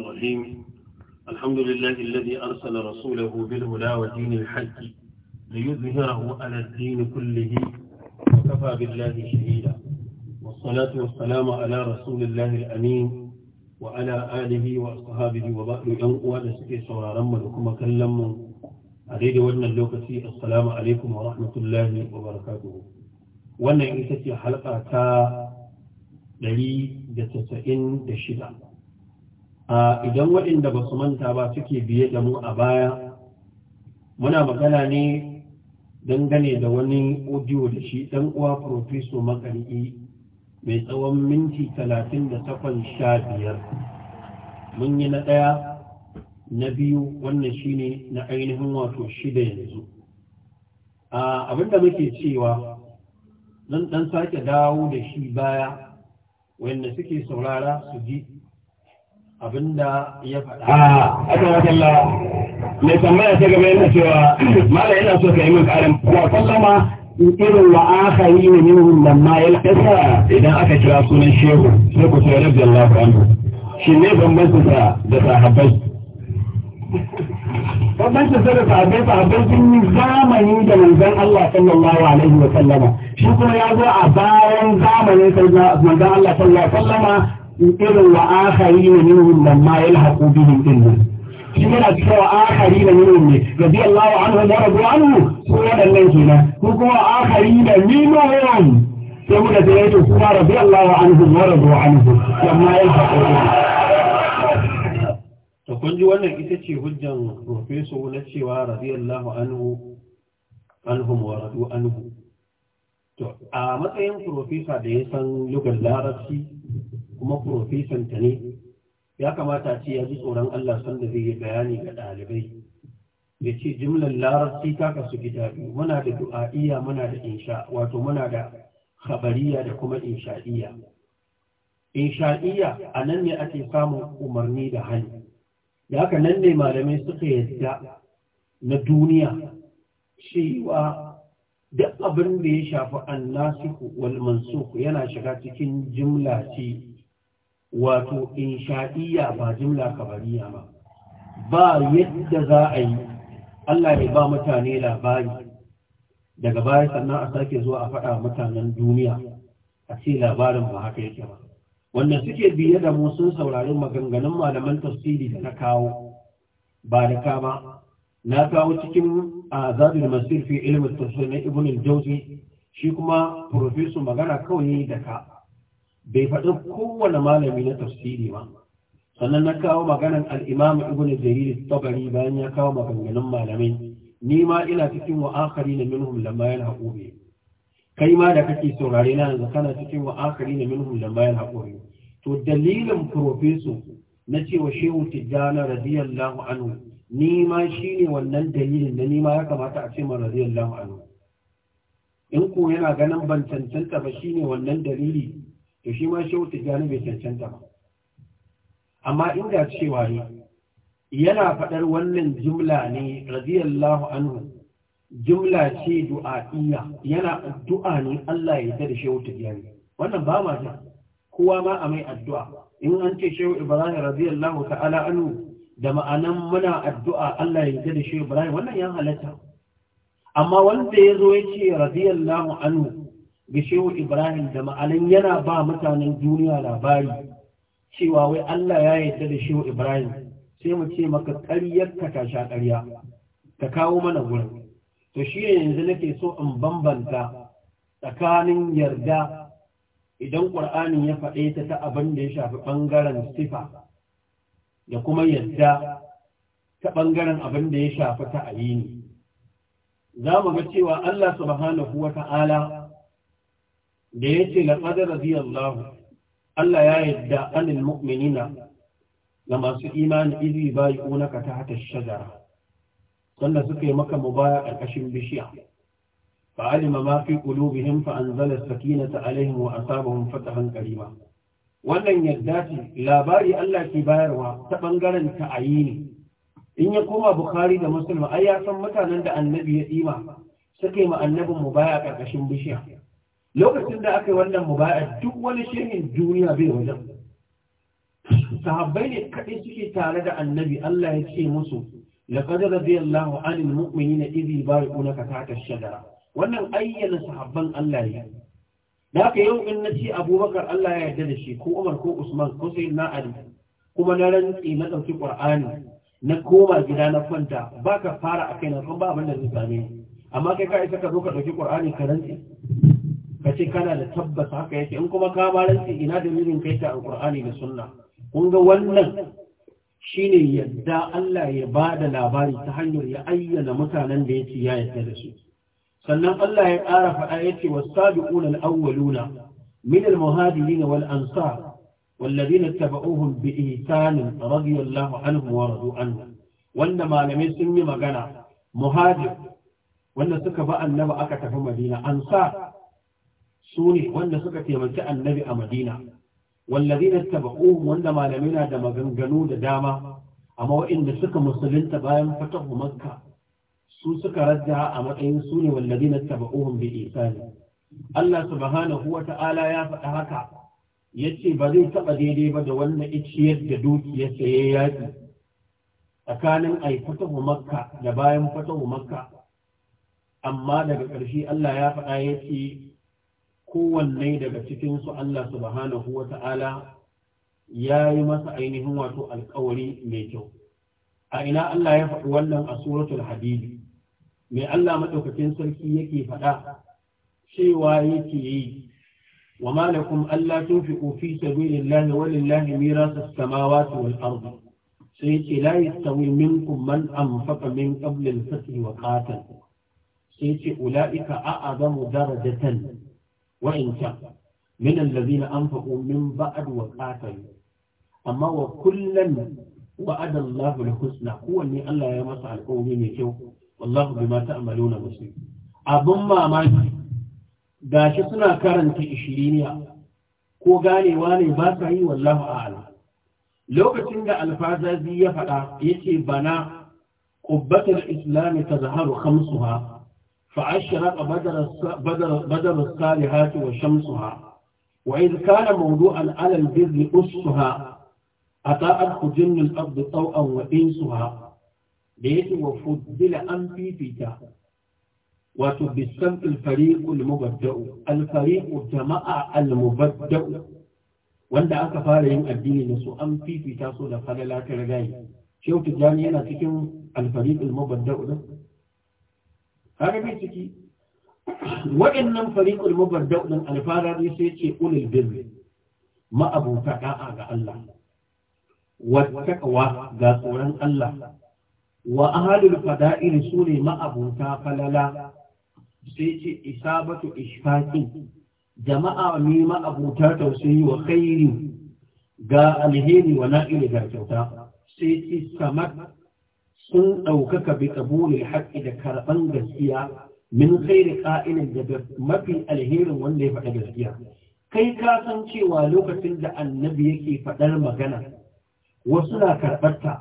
الرحيم الحمد لله الذي أرسل رسوله بالهدى ودين الحج ليظهره على الدين كله وكفى بالله شهيدا والصلاة والسلام على رسول الله الأمين وعلى آله وأصحابه وبعد ينقوى لسكي صورا ولكم كلم أريد ودنا اللوكسي السلام عليكم ورحمة الله وبركاته وانا يتسي حلقة تا لي جتسئن دشدا idan waɗanda ba su manta ba suke biye da mu a baya muna magana ne dangane da wani odiyo da shi ɗan uwa profeso makariki mai tsawon minti talatin da takwas sha biyar mun yi na ɗaya na biyu wannan shine na ainihin wato shida yanzu abinda muke cewa zan ɗan sake dawo da shi baya wanda suke saurara su ji Abin da ya faɗa a ah, aka wakalla mai tambaya ta game yana cewa mala yana so ka yi min ƙarin wa sallama irin wa aka yi ne minhum lamma yalqasa idan aka kira sunan shehu sai ku ce radiyallahu anhu shi ne bambancin sa da sahabbai bambancin sa da sahabbai sahabbai sun yi zamani da manzon Allah sallallahu alaihi wa sallama shi kuma ya zo a bayan zamanin manzon Allah sallallahu alaihi wa sallama irin wa akari na minhum lamma yalhaqu bihim shi yana cewa akari da minhum ne rabi wa anhu da rabu anhu ko wadannan kenan ko kuma akari da minhum sai muka ce yato kuma rabi Allahu anhu wa rabu anhu lamma yalhaqu bihim to kun ji wannan ita ce hujjan profeso na cewa radiyallahu anhu anhum wa radu anhu to a matsayin profesa da ya san lugar larabci kuma profession ta ne ya kamata ce ya ji tsoron Allah sanda zai yi bayani ga ɗalibai ya ce jimlar larabci ta kasu gida biyu muna da du'a'iyya muna da insha wato muna da khabariya da kuma insha'iyya insha'iyya a nan ne ake samun umarni da hali da haka nan ne malamai suka yadda na duniya cewa duk abin da ya shafi annasiku wal mansuk yana shiga cikin jimla ce wato insha'iyya ba jimla kabariya ba ba yadda za a yi Allah ya ba mutane labari daga baya sannan a sake zuwa a faɗa mutanen duniya a ce labarin ba haka yake ba Wannan suke biye da mu sun saurari maganganun malaman tafsiri da na kawo ba da kama na kawo cikin azabin masirfi fi ilimin tafsir na ibn shi kuma profesor magana kawai da ka bai faɗi kowane malami na tafsiri ba sannan na kawo maganan al'imam ibn jariri tabari bayan ya kawo maganganun malamai ni ma ina cikin wa akari na minhum lamma yana haƙobe kai ma da kake saurare na yanzu kana cikin wa akari na minhum lamma yana haƙobe to dalilin profeso na cewa shehu tijjana radiyallahu anhu ni ma shine wannan dalilin da ni ma ya kamata a ce ma radiyallahu anhu in ko yana ganin ban cancanta ba shine wannan dalili to shi ma shehu gani bai cancanta ba amma inda cewa ne yana faɗar wannan jumla ne radiyallahu anhu jumla ce du'a'iyya yana addu'a ne Allah ya da shehu gani. wannan ba ma jan kowa ma a mai addu'a in an ce shehu ibrahim radiyallahu ta'ala anhu da ma'anan muna addu'a Allah ya da shehu ibrahim wannan ya halatta amma wanda ya zo ya ce radiyallahu anhu shehu ibrahim da ma'anin yana ba mutanen duniya labari cewa wai allah ya yarda da shehu ibrahim sai mu ce maka ƙaryar ka ta sha ƙarya ka kawo mana wurin to shi yanzu nake so in bambanta tsakanin yarda idan ƙur'ani ya faɗe ta ta abin da ya shafi ɓangaren sifa da kuma yarda ta ɓangaren abin da ya shafi ta ayini za mu ga cewa Allah subhanahu wa ta'ala da ya ce laƙadar radiyallahu Allah ya yadda anil mu'minina ga masu imani izi bayi unaka ta hata shajara sanda suka yi maka mubaya ƙarƙashin bishiya فعلم ما في anzala sakinata السكينة عليهم وأصابهم فتحا كريما wannan yadda ce labari Allah ke bayarwa ta ɓangaren ta'ayi ne in ya koma Bukhari da Musulma ai ya san mutanen da annabi ya ɗima suka yi ma annabin mu baya ƙarƙashin bishiya lokacin da aka yi wannan mubaya duk wani shehin duniya bai wajen sahabbai ne kaɗai suke tare da annabi Allah ya ce musu laqad na Izi ba idh kuna ka ash-shajara wannan ayyana sahabban Allah ya da haka yau in ce Abubakar Allah ya yarda da shi ko Umar ko Usman ko Sayyidina Ali kuma na rantsi na dauki Kur'ani na koma gida na kwanta baka fara kai na san ba abin da zai same ni amma kai ka isa ka zo ka dauki Qur'ani ka rantsi ka ce kana da tabbasa haka yake in kuma ka baranci ina da mirin kai ta alqur'ani da sunna kun ga wannan shine yadda Allah ya ba da labari ta hanyar ya ayyana mutanen da yake ya yadda da su sannan Allah ya ƙara faɗa yace was-sabiquna al-awwaluna min al-muhajirin wal-ansar والذين اتبعوهم بإحسان رضي الله عنهم ورضوا عنه wanda malamai sun yi magana muhajir wanda suka ba annaba aka tafi madina ansa? سوني وأن سكت يمنتع النبي مدينة والذين wanda وأن na da maganganu da dama أما وإن suka مسلم bayan fatahu makka, su suka radda a matsayin su ne wallazi na taba'uhum bi ihsani Allah subhanahu wa ta'ala ya faɗa haka yace ba zai taɓa daidai ba da wanda iciyar da dukiya ya yaki tsakanin ai fatahu makka da bayan fatahu makka amma daga ƙarshe Allah ya faɗa ce. kowanne daga cikinsu Allah subhanahu wa ta'ala ya yi masa ainihin wato alkawari mai kyau. A ina Allah ya faɗi wannan a suratul hadidi, mai Allah maɗaukakin sarki yake faɗa cewa yake yi, wa malakum Allah tun fi ofi sabirin lahi walillahi mirasa samawati wal ardu. Sai ce la yastawi minkum man amfaka min qabla al wa qatal. Sai ce ula'ika a'azamu darajatan wa'incan min allazina anfaqu min ba'd wa qatalu amma wa kullan wa'ada Allahu al-husna kowanne Allah ya masa alƙawari mai kyau wallahu bima ta'maluna basir abun mamaki gashi suna karanta ishiriniya ko ganewa ne ba sa yi a a'lam lokacin da alfazazi ya faɗa yace bana qubbatul islam tazharu khamsuha فأشرق بدر الصالحات وشمسها وإذ كان موضوعا على البر أسها أطاءت خجن الأرض طوءا وإنسها بيت وفضل أن في فيتا وتبسم الفريق المبدأ الفريق جماعة المبدأ wanda aka fara yin addini da su an fifita su da falala ta ragayi shehu tijjani yana cikin alfariq al-mubadda kaga bai ciki waɗannan fariqul mubaddau din alfara ne sai ce ulul birri ma abuta ga Allah wa ga tsoron Allah wa ahlul sune ma falala sai ce isabatu ishfaqin jama'a ne ma tausayi wa khairi ga alheri wa na'ili ga kyauta sai ce samat sun ɗaukaka bi ƙabulin haƙƙi da karɓan gaskiya min khairi ƙa'inin da mafi alherin wanda ya faɗa gaskiya kai ka san cewa lokacin da annabi yake faɗar magana wasu na karɓarta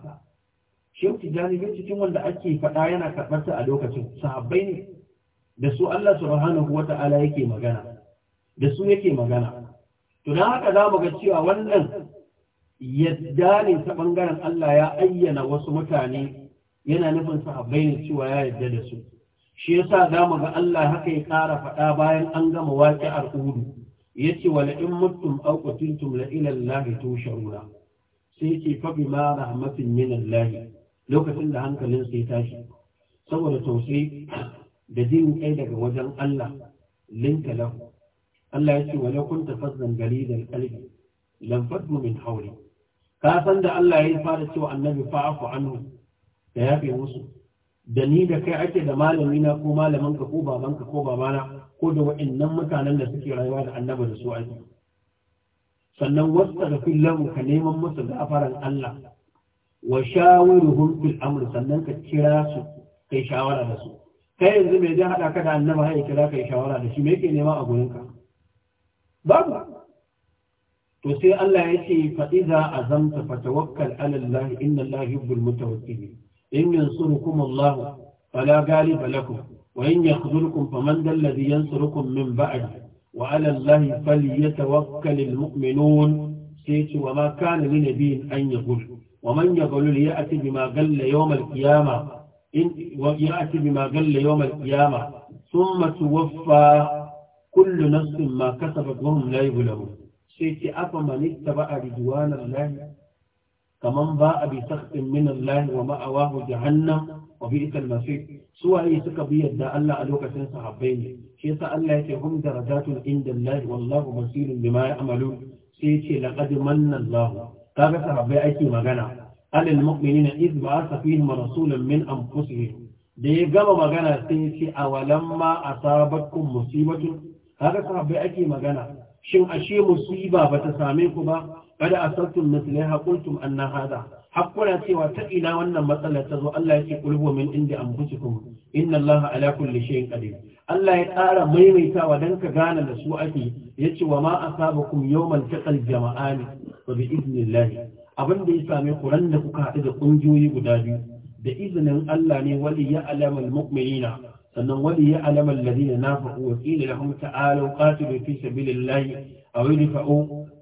shehu tijjani bin cikin wanda ake faɗa yana karɓarta a lokacin sahabbai ne da su Allah subhanahu wa ta'ala yake magana da su yake magana to dan haka za mu ga cewa wannan yadda ne ta bangaren Allah ya ayyana wasu mutane yana nufin a ne cewa ya yarda da su shi yasa za mu ga Allah haka ya ƙara faɗa bayan an gama waƙi al'udu ya ce wa la'in mutum au qutiltum la ila Allah tusharuna sai ce fa ma, rahmatin min Allah lokacin da hankalin sai tashi saboda tausayi da jin kai daga wajen Allah linka lahu Allah ya ce wa la kunta fazzan galidal qalbi lam faddu min hawli ka san da Allah ya fara cewa annabi fa'afu anhu da yafe musu da ni da kai ake da malami na ko malamin ka ko baban ka ko babana ko da wa'annan mutanen da suke rayuwa da annaba da su ake sannan wasta da kullahu ka neman musu gafaran Allah wa shawiruhum fil amr sannan ka kira su kai shawara da su kai yanzu mai zai hada ka da annaba ya kira kai shawara da shi me yake nema a gurin ka babu to sai Allah ya ce fa iza azamta fatawakkal ala Allah inna Allah yuhibbul mutawakkilin in yansurukum Allah fala ghaliba lakum wa in yakhzulkum faman dal ladhi yansurukum min ba'di wa 'ala Allah falyatawakkalul mu'minun sai wa ma kana li nabiyyin an yaqul wa man yaqul ya'ti bima qalla yawm al-qiyamah in wa ya'ti bima qalla yawm al-qiyamah thumma tuwaffa kullu nafsin ma kasabat wa hum la yuzlamun sai afa man ittaba ridwan Allah kaman ba a bi sakhin minan Allah wa ma'awahu jahannam wa bi'sa al-masir suwaye suka bi yadda Allah a lokacin sahabbai ne shi yasa Allah yake hum darajatun inda Allah wallahu basirun bima ya'malun sai yace laqad manna Allah kaga sahabbai ake magana alal mu'minina idh ba'atha fihim rasulan min anfusihim da ya gama magana sai ya ce a walamma a sabatkun musibatu sahabbai ake magana shin ashe musiba ba ta same ku ba kada asaltum mislaha qultum anna hada hakkuna cewa ta ina wannan matsalar ta zo Allah yake kulhu min inda anfusikum inna Allah ala kulli shay'in qadir Allah ya ƙara maimaitawa don ka gane da su ake ce wa ma asabakum yawmal jama'a ne wa bi idnillah abin da ya same ku ran da kuka haɗu da ƙungiyoyi guda biyu da izinin Allah ne wali ya alamal mu'minina sannan wani ya alamar ladina na faɗo wa ƙila da kuma ta'alau fi sabilillahi a wani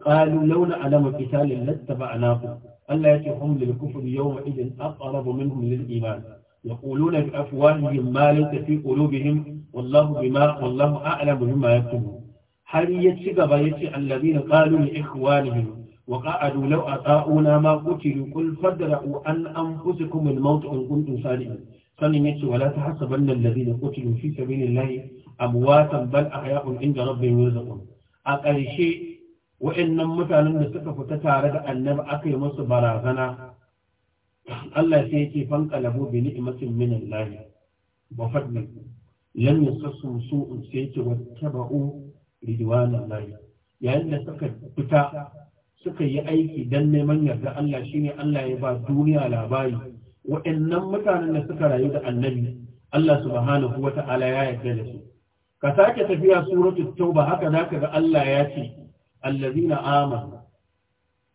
قالوا لو نعلم قتال لاتبعناكم ألا يتهم للكفر يومئذ أقرب منهم للإيمان يقولون بأفواههم ما ليس في قلوبهم والله بما والله أعلم بما يكتبون هل يتشغب يتشع الذين قالوا لإخوانهم وقعدوا لو أطاؤنا ما قتلوا قل فادرأوا عن أنفسكم الموت إن كنتم صادقين فلن يتشع ولا تحسبن الذين قتلوا في سبيل الله أمواتا بل أحياء عند ربهم يرزقون أقل شيء wa'annan mutanen da suka fita tare da annabi aka yi musu barazana Allah sai yake fanqalabu bi ni'matin min Allah wa fadlin lam yasassum su'un sai yake wattaba'u ridwan Allah yayin da suka fita suka yi aiki dan neman yarda Allah shine Allah ya ba duniya labari wa'annan mutanen da suka rayu da annabi Allah subhanahu wata'ala ya yarda da su ka sake tafiya suratul tauba haka zaka ga Allah ya ce allazina amanu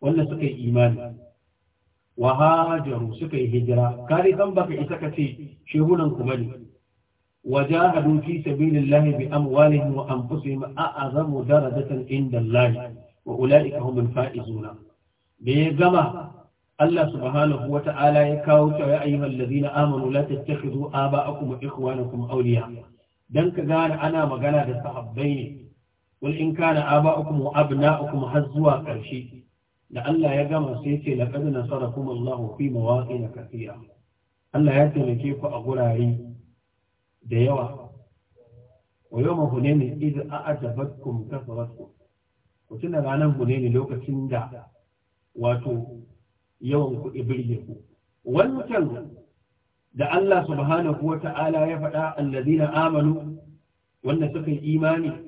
wanda suka yi imani wa hajaru suka yi hijira kare san baka isa ka ce shehunan kuma ne wa jahadu fi sabilillahi bi amwalihim wa anfusihim a'azamu darajatan inda Allah wa ulaika humul faizuna me ya gama Allah subhanahu wa ta'ala ya kawo ta ya ayyuhal ladina amanu la tattakhidhu aba'akum wa kuma awliya dan ka gane ana magana da sahabbai ne kul in kana aba'ukum wa abna'ukum har zuwa ƙarshe da Allah ya gama sai ce laqad nasarakum Allah fi mawaqin kathira Allah ya taimake ku a gurare da yawa wa yawma hunain idh a'jabatkum kafaratkum ku tuna ranar hunain lokacin da wato yawan ku ibirge ku wancan da Allah subhanahu wa ta'ala ya faɗa allazina amanu wanda suka yi imani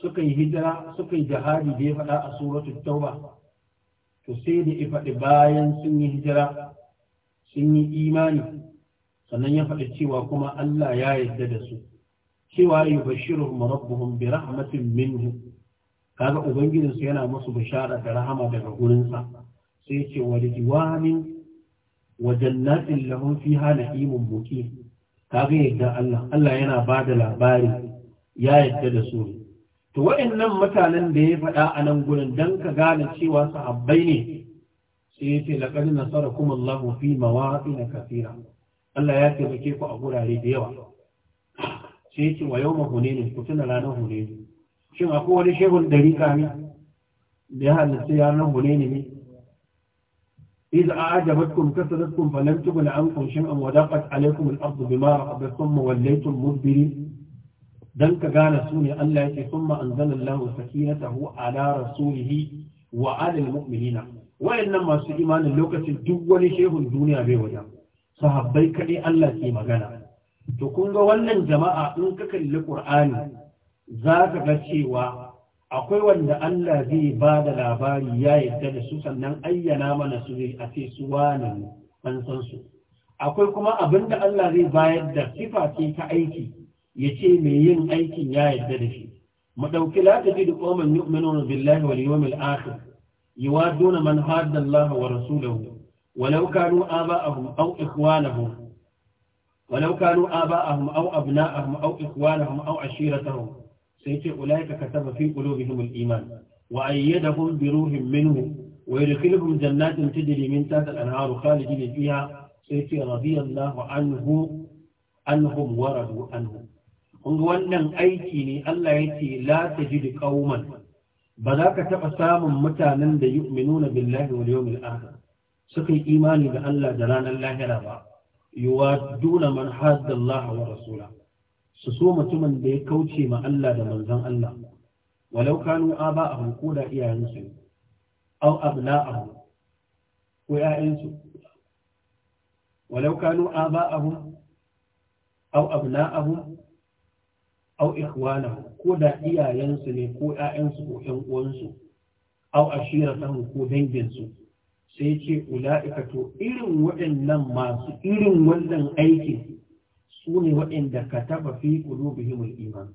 suka yi hijira suka yi jihadi da ya faɗa a suratul tauba to sai da ya faɗi bayan sun yi hijira sun yi imani sannan ya faɗi cewa kuma Allah ya yarda da su cewa bashiru rabbuhum bi rahmatin minhu kaga ubangijin su yana musu bishara da rahama daga gurin sa sai ce wa diwanin wa jannatin lahum fiha na'imun muqim kaga yadda Allah Allah yana bada labari ya yarda da su to waɗannan mutanen da ya faɗa a nan gurin don ka gane cewa sahabbai ne sai yace laqad nasarakum Allahu fi mawaqin kathira Allah ya taimake ku a gurare da yawa sai yace wa yawma hunain ku tuna ranar hunain shin akwai wani shehun dari kami da ya halitta ranar hunain ne a kasa إذ أعجبتكم كثرتكم فلم تغن عنكم شيئا وضاقت عليكم الأرض بما رحبت ثم وليتم مدبرين dan ka gane su ne Allah yake summa anzalallahu a ala rasulihi wa ala almu'minina wayannan masu imanin lokacin duk wani shehun duniya bai wajen habbai kaɗai Allah ke magana to kun ga wannan jama'a in ka kalli ƙur'ani za ka ga cewa akwai wanda Allah zai ba da labari ya yarda da su sannan ayyana mana su zai a ce su wani an san su akwai kuma abin da Allah zai bayar da sifa ce ta aiki ya ce mai yin aikin ya yarda da shi mu ɗauki la ta ji da ƙoman yu'minuna billahi wal yawmil akhir yuwaduna man hadda Allah wa rasulahu ولو كانوا آباءهم أو إخوانهم ولو كانوا آباءهم أو أبناءهم أو إخوانهم أو عشيرتهم سيتي أولئك كتب في قلوبهم الإيمان وأيدهم بروح منه ويدخلهم جنات تجري من تحت الأنهار خالدين فيها سيتي رضي الله عنه عنهم وردوا عنه kun wannan aiki ne Allah ya ce la tajidu qauman ba za ka taɓa samun mutanen da yi yu'minuna billahi wal yawmil akhir suka yi imani da Allah da ranar lahira ba yuwaduna man hadda Allah wa rasula su so mutumin da ya kauce ma Allah da manzan Allah walau kanu aba'ahum ko da iyayensu aw abna'ahum ko iyayensu walau kanu aba'ahum aw abna'ahum Au'ikwana ko da iyayensu ne ko ƴaƴansu ko ƴan uwansu au ashiratahu ko danginsu sai ce ula'ika to irin waɗannan masu irin wannan aikin su ne waɗanda ka taba fi qulubihimul iman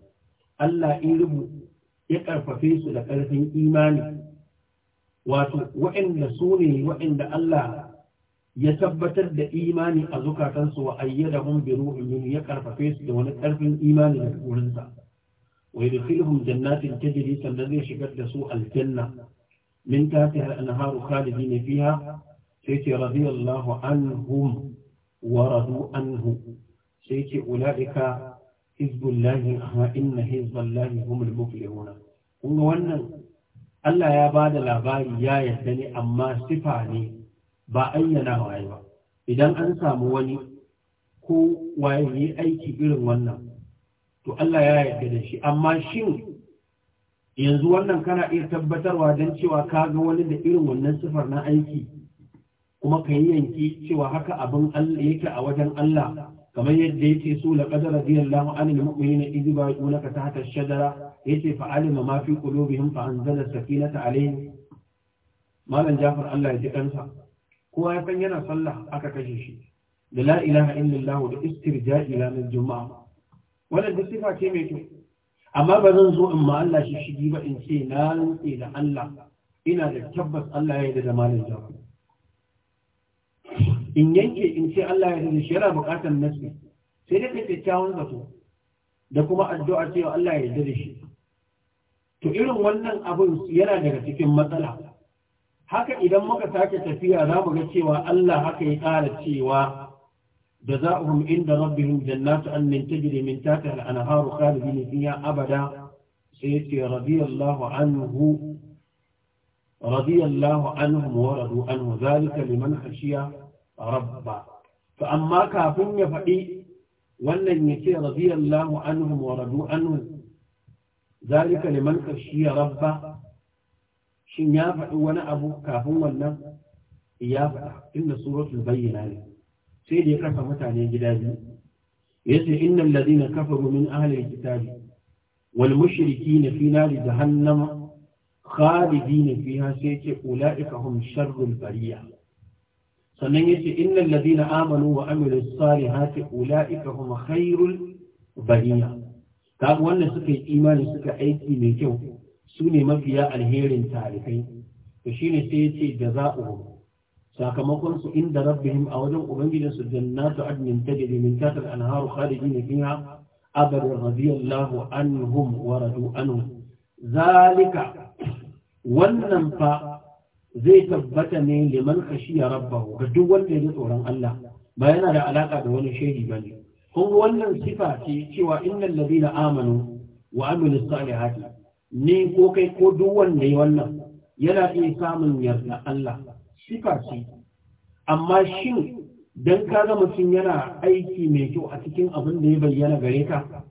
Allah in ya karfafe su da ƙarfin imani wato waɗanda su ne waɗanda Allah ya tabbatar da imani a zukatansu wa ayyadahum bi ruhin min ya karfafe su da wani karfin imani da wurin wai wa yadkhiluhum jannatin tajri sanda zai shigar da su aljanna min tahtiha al-anharu khalidin fiya, sai ce radiyallahu anhum wa radu anhu sai ce ulaika hizbullahi amma inna hizballahi humul muflihuna kun wannan Allah ya ba da labari ya yarda ne amma sifa ne ba ayyana waye ba idan an samu wani ko waye yi aiki irin wannan to Allah ya yarda da shi amma shin yanzu wannan kana iya tabbatarwa don cewa ka ga wani da irin wannan sifar na aiki kuma ka yi yanki cewa haka abin Allah yake a wajen Allah kamar yadda yake so la qadara radiyallahu anil mu'minina idh ba'unaka tahta ash-shajara yace fa alima ma fi qulubihim fa anzala sakinata alayhim malam Jafar Allah ya ji kansa kowa ya san yana sallah aka kashe shi da la ilaha illallah da istirja'i ranar juma'a wannan duk sifa ce mai kyau amma ba zan zo in ma Allah shi shigi ba in ce na rantse da Allah ina da tabbas Allah ya yarda da malam jaku in yanke in ce Allah ya yarda da shi yana buƙatar nasi sai dai kai kyakkyawan zato da kuma addu'a cewa Allah ya yarda da shi to irin wannan abun yana daga cikin matsala haka idan muka sake tafiya za mu ga cewa Allah haka ya ƙara cewa da za za'uhum inda rabbihim jannatu annin tajri min tahtiha al-anharu khalidin fiha abada sai yace radiyallahu anhu radiyallahu anhum wa radu anhu zalika liman khashiya rabba to amma kafin ya faɗi wannan ya yace radiyallahu anhum wa radu anhu zalika liman khashiya rabba shin ya faɗi wani abu kafin wannan ya faɗa inda suratul bayyana ne sai da ya kasa mutane gida biyu yace innal ladina kafaru min ahli alkitabi wal mushrikina fi nari jahannam khalidina fiha sai yace ulaika hum sharrul bariya sannan yace innal ladina amanu wa amilus salihati ulaika hum khairul bariya kaga wannan suka yi imani suka aiki mai kyau su ne mafiya alherin tarifai to ne sai ya ce jaza'uhum sakamakon su inda rabbihim a wajen ubangijin su jannatu adnin da min tahtiha al-anharu khalidin fiha abadan radiyallahu anhum wa radu anhu zalika wannan fa zai tabbata ne liman khashiya rabbahu ga duk wanda ya tsoron Allah ba yana da alaka da wani shehi bane kun wannan sifa ce cewa innal ladina amanu wa amilus salihati ni ko kai ko duk wanda ya wannan yana iya samun yarda Allah sifa ce amma shin dan ka ga mutum yana aiki mai kyau a cikin abin da ya bayyana gare ka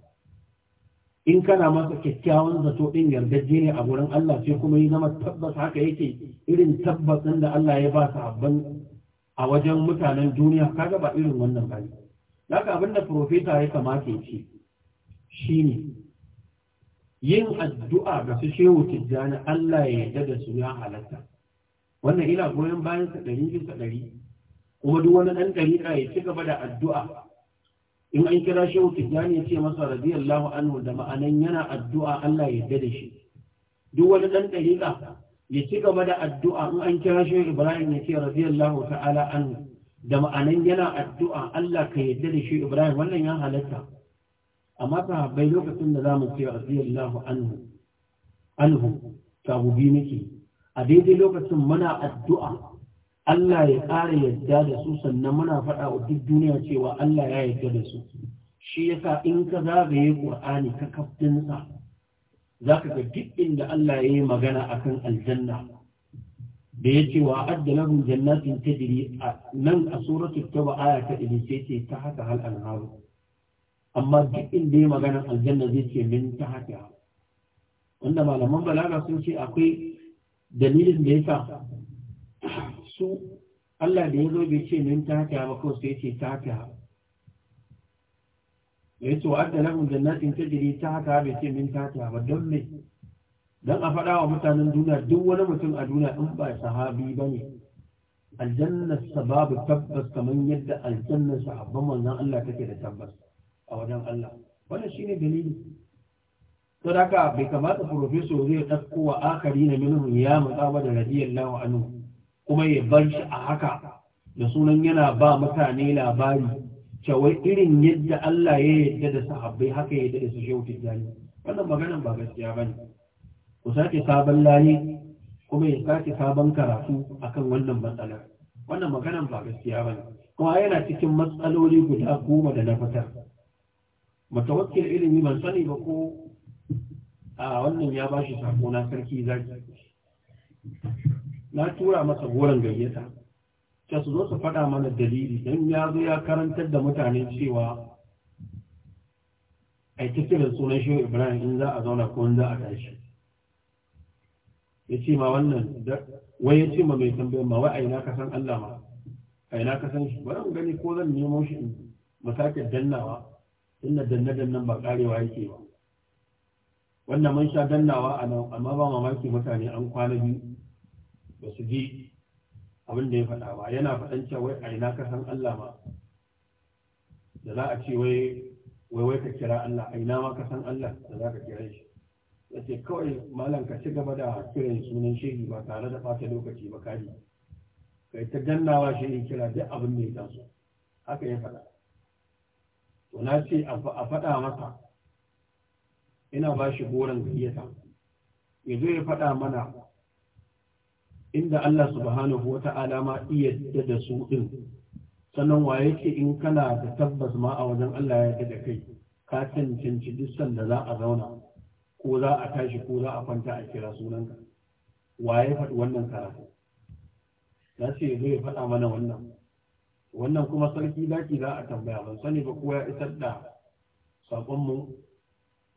in kana masa kyakkyawan zato din yardajje ne a gurin Allah sai kuma ya zama tabbas haka yake irin tabbasin da Allah ya ba abin a wajen mutanen duniya kaga ba irin wannan bane haka abin da profesa ya kamata ya ce shine yin addu'a ga su shehu tijjani Allah ya yarda da su ya halatta wannan ina goyon bayan sa ɗari bisa ɗari kuma duk wani ɗan ɗariƙa ya ci gaba da addu'a in an kira shehu tijjani ya ce masa radiyallahu anhu da ma'anan yana addu'a Allah ya yarda da shi duk wani ɗan ɗariƙa ya ci gaba da addu'a in an kira shehu ibrahim ya ce radiyallahu ta'ala anhu da ma'anan yana addu'a Allah ka yarda da shi ibrahim wannan ya halatta amma sahabbai lokacin da zamu ce radiyallahu anhu anhu tabubi nake a daidai lokacin muna addu'a Allah ya ƙara yadda da su sannan muna faɗa wa duk duniya cewa Allah ya yadda da su shi yasa in ka zagaye Qur'ani ka kaftinsa za ka ga duk inda Allah ya yi magana akan aljanna da ya ce wa adda lahum jannatin tajri nan a suratul tauba aya ta 11 ce ta haka hal anharu amma duk inda ya magana aljanna zai ce min ta haka wanda malaman balaga sun ce akwai dalilin da ya sa su Allah da ya zo bai ce min ta haka ba kawai sai ce ta haka ya ce wa'adda lahum jannatin tajri ta haka bai ce min ta haka ba don me don a faɗa wa mutanen duniya duk wani mutum a duniya in ba sahabi ba ne aljannar sababu tabbas kamar yadda aljannar sahabban manzon Allah take da tabbas a wajen Allah wannan shine dalili to da ka bai kamata professor zai ɗauko wa akari na minhum ya mutaba da radiyallahu anhu kuma ya bar shi a haka da sunan yana ba mutane labari cewa irin yadda Allah ya yadda da sahabbai haka ya yadda da su shehu tijjani wannan maganan ba gaskiya ba ne. ku sake sabon layi kuma ya sake sabon karatu akan wannan matsalar wannan maganan ba gaskiya ba ne. kuma yana cikin matsaloli guda goma da na fitar matawakkil ilimi ban sani ba ko a wannan ya ba shi sako na sarki zaki na tura masa goron gayyata ta su zo su faɗa mana dalili Dan ya zo ya karantar da mutane cewa a yi da sunan shi ibrahim in za a zauna ko in za a tashi ya ce ma wannan wai ya ce ma mai tambayar ma wai a ina ka san allah ma a ina ka san shi bari gani ko zan nemo shi in masakin dannawa inna dannadan nan ba karewa yake ba wannan mun sha dannawa a nan amma ba mamaki mutane an kwana biyu ba su ji abin da ya faɗa ba yana faɗan cewa wai a ina ka san Allah ma da za a ce wai wai wai ka kira Allah a ina ma ka san Allah da za ka kira shi ya ce kawai malam ka ci gaba da kiran sunan shehi ba tare da ɓata lokaci ba kaji kai ta dannawa shehi kira duk abin da ya taso haka ya faɗa na ce a faɗa masa ina ba shi goron gayyata ya zo ya faɗa mana inda Allah subhanahu wa ta'ala ma iya da su ɗin sannan wa yake in kana da tabbas ma a wajen Allah ya da kai ka cancanci duk sanda za a zauna ko za a tashi ko za a kwanta a kira sunanka wa ya faɗi wannan karatu na ce ya zo ya faɗa mana wannan wannan kuma sarki daki za a tambaya ban sani ba kowa ya isar da saƙonmu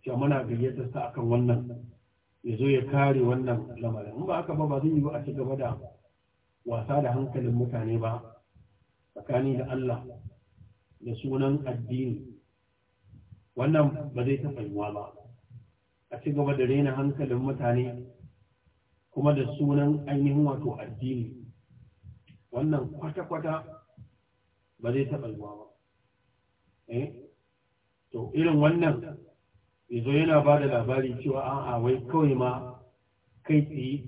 cewa muna gayyatar sa akan wannan ya zo ya kare wannan lamarin in ba aka ba ba zai yi ba a ci da wasa da hankalin mutane ba tsakani da Allah da sunan addini wannan ba zai taɓa yiwuwa ba a cigaba da rena hankalin mutane kuma da sunan ainihin wato addini wannan kwata-kwata ba zai taɓa zuwa ba eh? to irin wannan yazo yana ba da labari cewa a'a wai kawai ma kai tsaye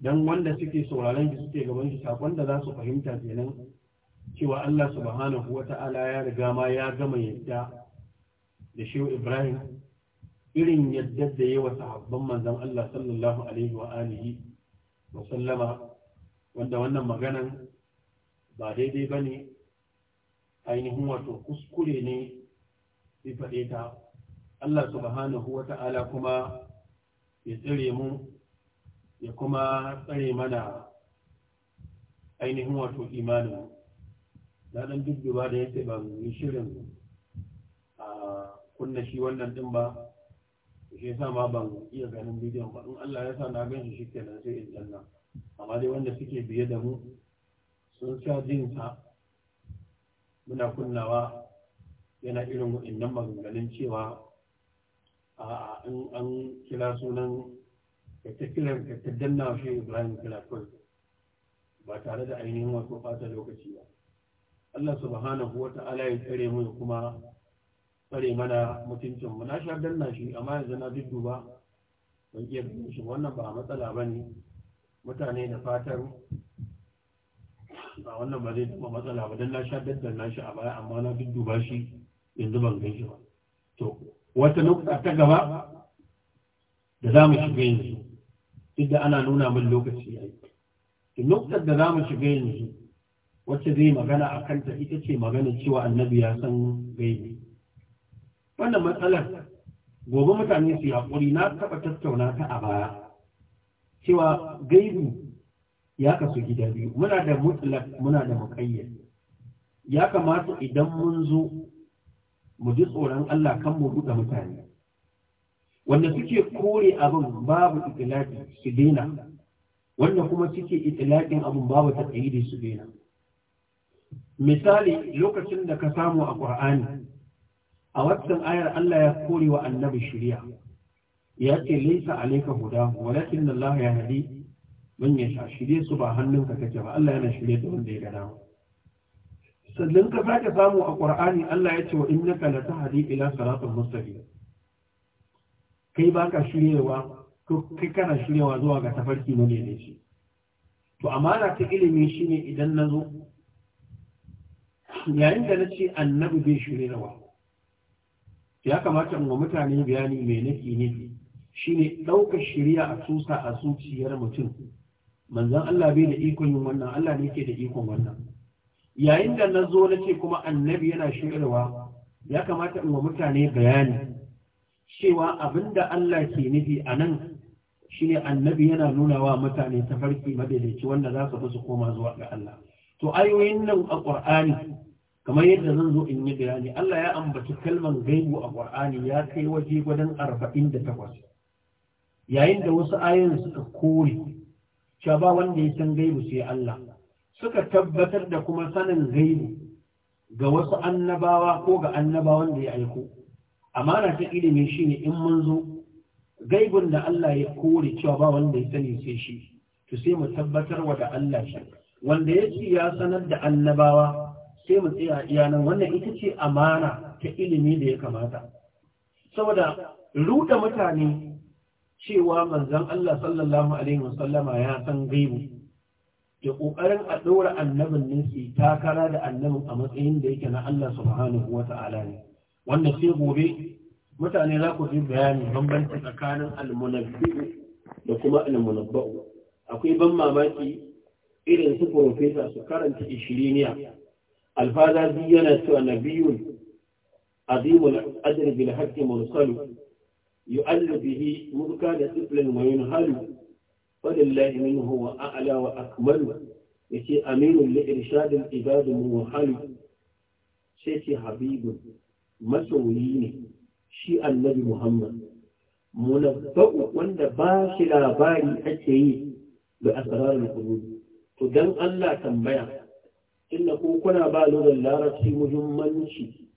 don wanda suke sauraron shi suke gaban shi sakon da za su fahimta kenan cewa Allah subhanahu wata'ala ya riga ma ya gama yadda da shehu Ibrahim irin yadda da yawa sahabban manzon Allah sallallahu alaihi wa alihi wa sallama wanda wannan maganan ba daidai bane ainihin wato kuskure ne ya faɗe ta Allah subhanahu wa ta'ala kuma ya tsire mu ya kuma tsare mana ainihin wato imanin na ɗan dubduba da yake ban yi shirin a kunna shi wannan ɗin ba shi yasa ma ban iya ganin bidiyon ba in Allah ya sa na gan shi shi kenan sai in amma dai wanda suke biye da mu sun sha jin sa muna kunnawa yana irin waɗannan maganganun cewa a an kira sunan ka ta na shi Ibrahim kira kawai ba tare da ainihin wato fata lokaci ba Allah subhanahu wa ta'ala ya tsare mu kuma tsare mana mutuncin mu na sha danna shi amma yanzu na ba ban iya ganin shi wannan ba matsala ba ne, mutane da fatar. a wannan ba zai taɓa matsala ba don na sha na shi a baya amma na dudduba shi yanzu ban gan shi ba to wata nukta ta gaba da za mu shiga yanzu duk ana nuna min lokaci ya yi nuktar da za mu shiga yanzu wacce zai magana a kanta ita ce magana cewa annabi ya san gaibi wannan matsalar gobe mutane su haƙuri na taɓa tattauna ta a baya cewa gaibi ya kasu gida biyu muna da mutlak muna da muqayyad ya kamata idan mun zo mu ji tsoron Allah kan mu buɗe mutane wanda suke kore abin babu itilafi su daina wanda kuma suke itilafin abin babu taƙaidi su daina misali lokacin da ka samu a ƙur'ani a watan ayar Allah ya kore wa annabi shirya ya ce laisa alaika huda walakin Allah ya hadi don ya sha shirye su ba hannunka kake ba Allah yana shirye da wanda ya ga mu sannan ka sake samu a Qur'ani Allah ya ce wa innaka la tahdi ila siratal mustaqim kai ba ka shiryewa ko kai kana shiryewa zuwa ga tafarki ne ne shi to amana ta ilimi shine idan nazo yayin da nace annabi bai shiryewa ya kamata in wa mutane bayani mai nake ne shine ɗaukar shirya a tusa a zuciyar mutum manzan Allah bai da ikon yin wannan Allah ne ke da ikon wannan yayin da na zo na ce kuma annabi yana shirarwa ya kamata in wa mutane bayani cewa abinda Allah ke nufi a nan shine annabi yana nuna wa mutane tafarki madaidaici wanda za su su koma zuwa ga Allah to ayoyin nan a Qur'ani kamar yadda zan zo in yi bayani Allah ya ambaci kalman gaibu a Qur'ani ya kai waje gwadan 48 yayin da wasu ayoyin suka kore cewa ba wanda ya san gaibu sai Allah suka tabbatar da kuma sanin gaibu ga wasu annabawa ko ga annabawan da ya aiko amana ta ilimi shine in mun zo gaibun da Allah ya kore cewa ba wanda ya sani sai shi to sai mu tabbatar wa da Allah shi wanda ya ya sanar da annabawa sai mu tsaya iyana nan wannan ita ce amana ta ilimi da ya kamata saboda ruɗa mutane cewa manzon Allah sallallahu alaihi wasallama ya san gaibu ya ƙoƙarin a ɗora annabin ne takara da annabin a matsayin da yake na Allah subhanahu ta'ala ne wanda sai gobe mutane za ku ji bayani bambanci tsakanin almunabbi da kuma almunabba'u akwai ban mamaki irin su profesa su karanta ishiriniya alfada biyu yana cewa nabiyun azimul ajr bil mursalu yu'allu bihi mulka da tsiflin wa yunhalu falillahi minhu wa a'la wa akmalu yace aminu li irshadil ibad muhalu sai ce habibu masoyi ne shi annabi muhammad munabba'u wanda ba shi labari ake yi da asrarul qulub to dan Allah tambaya inna ku kuna ba lugal larabci muhimmanci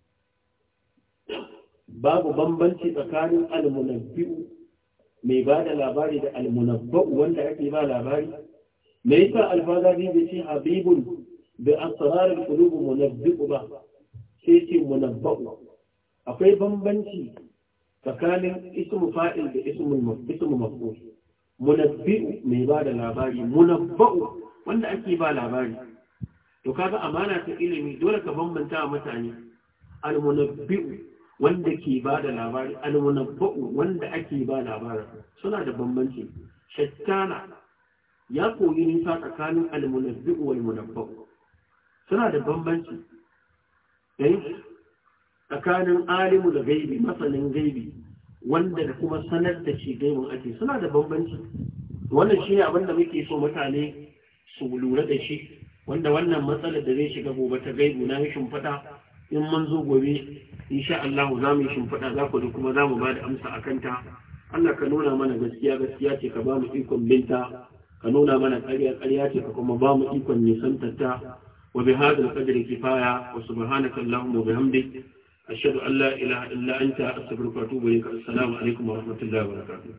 babu bambanci tsakanin almunabbi'u mai ba da labari da almunabba'u wanda ake ba labari me yasa alfazari bai ce habibun bi asrarar qulub munabbi'u ba sai ce munabba'u akwai bambanci tsakanin ismu fa'il da ismu ismu maf'ul munabbi'u mai ba da labari munabba'u wanda ake ba labari to kaga amana ta ilimi dole ka bambanta wa mutane almunabbi'u wanda ke ba da labari ba'u wanda ake ba labarin suna da bambanci shattana ya koyi nisa tsakanin almunabbi'u wal munabba'u suna da bambanci eh tsakanin alimu da gaibi masanin gaibi wanda da kuma sanar da shi gaibin ake suna da bambanci wannan shine abin da muke so mutane su lura da shi wanda wannan matsalar da zai shiga gobe ta gaibu na rashin fada in mun zo gobe insha Allah za mu yi shimfiɗa za ku kuma za mu ba da amsa a kanta Allah ka nuna mana gaskiya gaskiya ce ka ba mu ikon binta ka nuna mana ƙarya ƙarya ce ka kuma ba mu ikon ta wa bi hadal qadri kifaya wa subhanaka allahumma wa bihamdik ashhadu an la ilaha illa anta astaghfiruka wa atubu ilaik assalamu alaikum wa rahmatullahi wa barakatuh